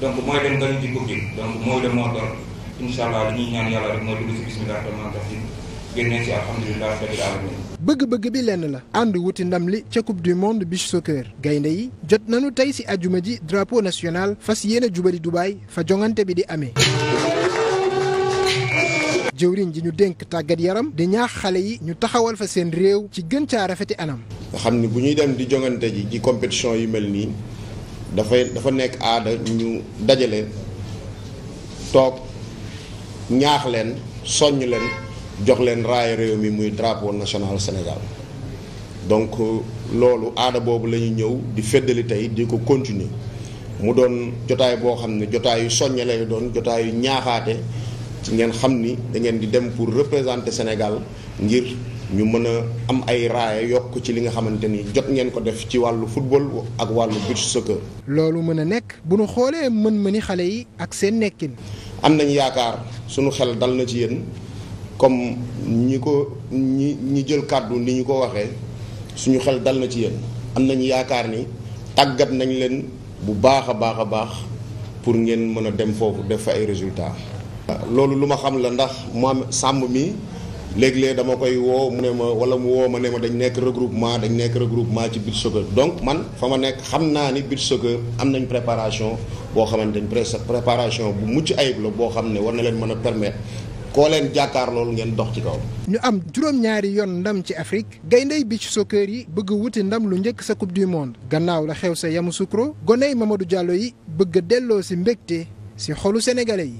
donc mooy dem gën di coupe donc mooy dem moo doon incha allah li ñaan yàlla rek mooy dugg si bismillah rahmaan rahim génne si alhamdulilah rabbil alamin bëgg-bëgg bi lenn la ànd wuti ndam li ca coupe du monde beach soccer gaynde yi jot nañu tey si ajuma ji drapeau national fas yéene jubali Dubaay fa jongante bi di amee jëwriñ ji ñu dénk tàggat yaram di ñaax xale yi ñu taxawal fa seen réew ci gën caa rafeti anam nga xam ni bu ñuy dem di jongante ji ci yu mel nii dafay dafa nekk aada ñu dajale toog ñaax leen soññ leen jox leen raaya réew mi muy drapeau national Sénégal donc euh, loolu aada boobu la ñuy ñëw di feddali tey di ko continuer mu doon jotaay boo xam ne jotaayu soññe lay doon jotaayu ñaaxaate ci ngeen xam ni da ngeen di dem pour représenter Sénégal ngir ñu mën a am ay raaya yokk ci li nga xamante ni jot ngeen ko def ci wàllu football ak wàllu beach soccer. loolu mën a nekk bu nu xoolee mën ma ni xale yi ak seen nekkin. am nañ yaakaar sunu xel dal ci yéen comme ñi ko ñi ñi jël kàddu ni ñu ko waxee suñu xel dal na ci yéen am nañ yaakaar ni tàggat nañ leen bu baax a baax a baax pour ngeen mën a dem foofu def fa ay résultats. loolu lu ma xam la ndax moom sàmm mi léeg-léeg dama koy woo mu ne ma wala mu woo ma ne ma dañ nekk regroupement dañ nekk regroupement ci beach soccer donc man fa ma nekk xam naa ni beach soccer am nañ préparation boo xamante ni préparation bu mucc ayib la boo xam ne war na leen mën a permettre koo leen jàkkaar loolu ngeen dox ci kaw. ñu am juróom-ñaari yoon ndam ci Afrique gayndey beach soccer yi bëgg wuti ndam lu njëkk sa coupe du monde gannaaw la xew sa Yamoussoukro goney Mamadou Diallo yi bëgg delloo si mbégte si xolu sénégalais yi.